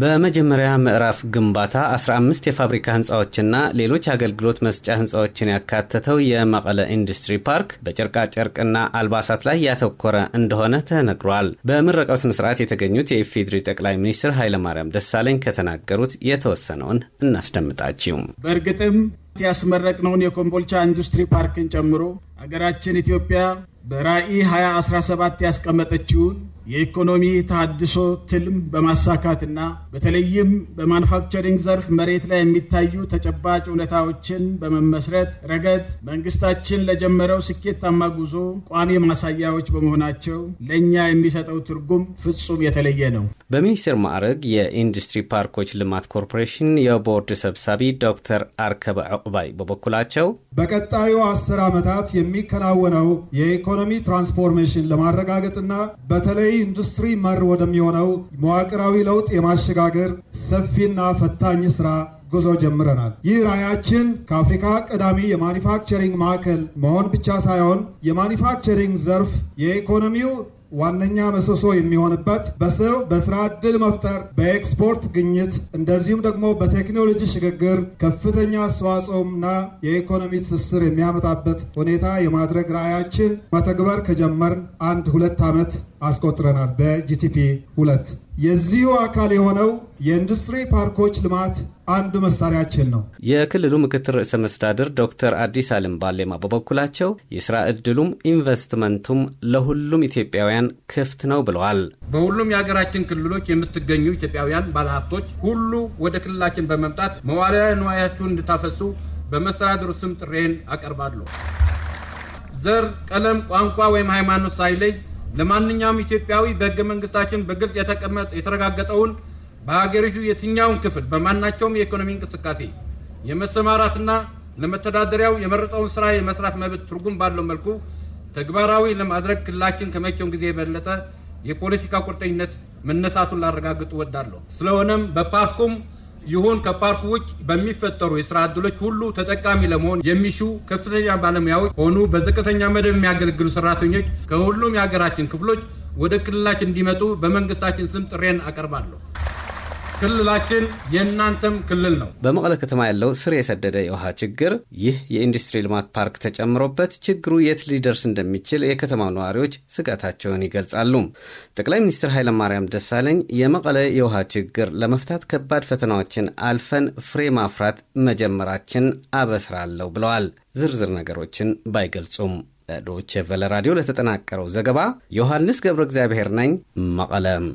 በመጀመሪያ ምዕራፍ ግንባታ 15 የፋብሪካ ህንፃዎችና ሌሎች አገልግሎት መስጫ ህንፃዎችን ያካተተው የመቀለ ኢንዱስትሪ ፓርክ በጨርቃጨርቅና አልባሳት ላይ ያተኮረ እንደሆነ ተነግሯል። በምረቃው ስነ ስርዓት የተገኙት የኢፌድሪ ጠቅላይ ሚኒስትር ኃይለማርያም ደሳለኝ ከተናገሩት የተወሰነውን እናስደምጣችውም። በእርግጥም ያስመረቅነውን የኮምቦልቻ ኢንዱስትሪ ፓርክን ጨምሮ አገራችን ኢትዮጵያ በራዕይ 2017 ያስቀመጠችውን የኢኮኖሚ ተሃድሶ ትልም በማሳካትና በተለይም በማኑፋክቸሪንግ ዘርፍ መሬት ላይ የሚታዩ ተጨባጭ እውነታዎችን በመመስረት ረገድ መንግስታችን ለጀመረው ስኬታማ ጉዞ ቋሚ ማሳያዎች በመሆናቸው ለእኛ የሚሰጠው ትርጉም ፍጹም የተለየ ነው። በሚኒስትር ማዕረግ የኢንዱስትሪ ፓርኮች ልማት ኮርፖሬሽን የቦርድ ሰብሳቢ ዶክተር አርከበ ዕቁባይ በበኩላቸው በቀጣዩ አስር ዓመታት የሚከናወነው የኢኮኖሚ ኢኮኖሚ ትራንስፎርሜሽን ለማረጋገጥና በተለይ ኢንዱስትሪ መር ወደሚሆነው መዋቅራዊ ለውጥ የማሸጋገር ሰፊና ፈታኝ ስራ ጉዞ ጀምረናል። ይህ ራዕያችን ከአፍሪካ ቀዳሚ የማኒፋክቸሪንግ ማዕከል መሆን ብቻ ሳይሆን የማኒፋክቸሪንግ ዘርፍ የኢኮኖሚው ዋነኛ መሰሶ የሚሆንበት በሰው በስራ ዕድል መፍጠር፣ በኤክስፖርት ግኝት እንደዚሁም ደግሞ በቴክኖሎጂ ሽግግር ከፍተኛ አስተዋጽኦና የኢኮኖሚ ትስስር የሚያመጣበት ሁኔታ የማድረግ ራዕያችን መተግበር ከጀመርን አንድ ሁለት ዓመት አስቆጥረናል። በጂቲፒ ሁለት የዚሁ አካል የሆነው የኢንዱስትሪ ፓርኮች ልማት አንዱ መሳሪያችን ነው። የክልሉ ምክትል ርዕሰ መስተዳድር ዶክተር አዲስ አለም ባሌማ በበኩላቸው የስራ እድሉም ኢንቨስትመንቱም ለሁሉም ኢትዮጵያውያን ክፍት ነው ብለዋል። በሁሉም የሀገራችን ክልሎች የምትገኙ ኢትዮጵያውያን ባለሀብቶች ሁሉ ወደ ክልላችን በመምጣት መዋዕለ ንዋያችሁን እንድታፈሱ በመስተዳድሩ ስም ጥሬን አቀርባለሁ። ዘር፣ ቀለም፣ ቋንቋ ወይም ሃይማኖት ሳይለይ ለማንኛውም ኢትዮጵያዊ በህገ መንግስታችን በግልጽ የተረጋገጠውን በሀገሪቱ የትኛውን ክፍል በማናቸውም የኢኮኖሚ እንቅስቃሴ የመሰማራትና ለመተዳደሪያው የመረጠውን ስራ የመስራት መብት ትርጉም ባለው መልኩ ተግባራዊ ለማድረግ ክልላችን ከመቼውም ጊዜ የበለጠ የፖለቲካ ቁርጠኝነት መነሳቱን ላረጋግጥ እወዳለሁ። ስለሆነም በፓርኩም ይሁን ከፓርኩ ውጭ በሚፈጠሩ የስራ እድሎች ሁሉ ተጠቃሚ ለመሆን የሚሹ ከፍተኛ ባለሙያዎች ሆኑ በዝቅተኛ መደብ የሚያገለግሉ ሰራተኞች ከሁሉም የሀገራችን ክፍሎች ወደ ክልላችን እንዲመጡ በመንግስታችን ስም ጥሬን አቀርባለሁ። ክልላችን የእናንተም ክልል ነው። በመቀለ ከተማ ያለው ስር የሰደደ የውሃ ችግር ይህ የኢንዱስትሪ ልማት ፓርክ ተጨምሮበት ችግሩ የት ሊደርስ እንደሚችል የከተማው ነዋሪዎች ስጋታቸውን ይገልጻሉ። ጠቅላይ ሚኒስትር ኃይለማርያም ደሳለኝ የመቀለ የውሃ ችግር ለመፍታት ከባድ ፈተናዎችን አልፈን ፍሬ ማፍራት መጀመራችን አበስራለሁ ብለዋል። ዝርዝር ነገሮችን ባይገልጹም ለዶቼ ቨለ ራዲዮ ለተጠናቀረው ዘገባ ዮሐንስ ገብረ እግዚአብሔር ነኝ መቀለም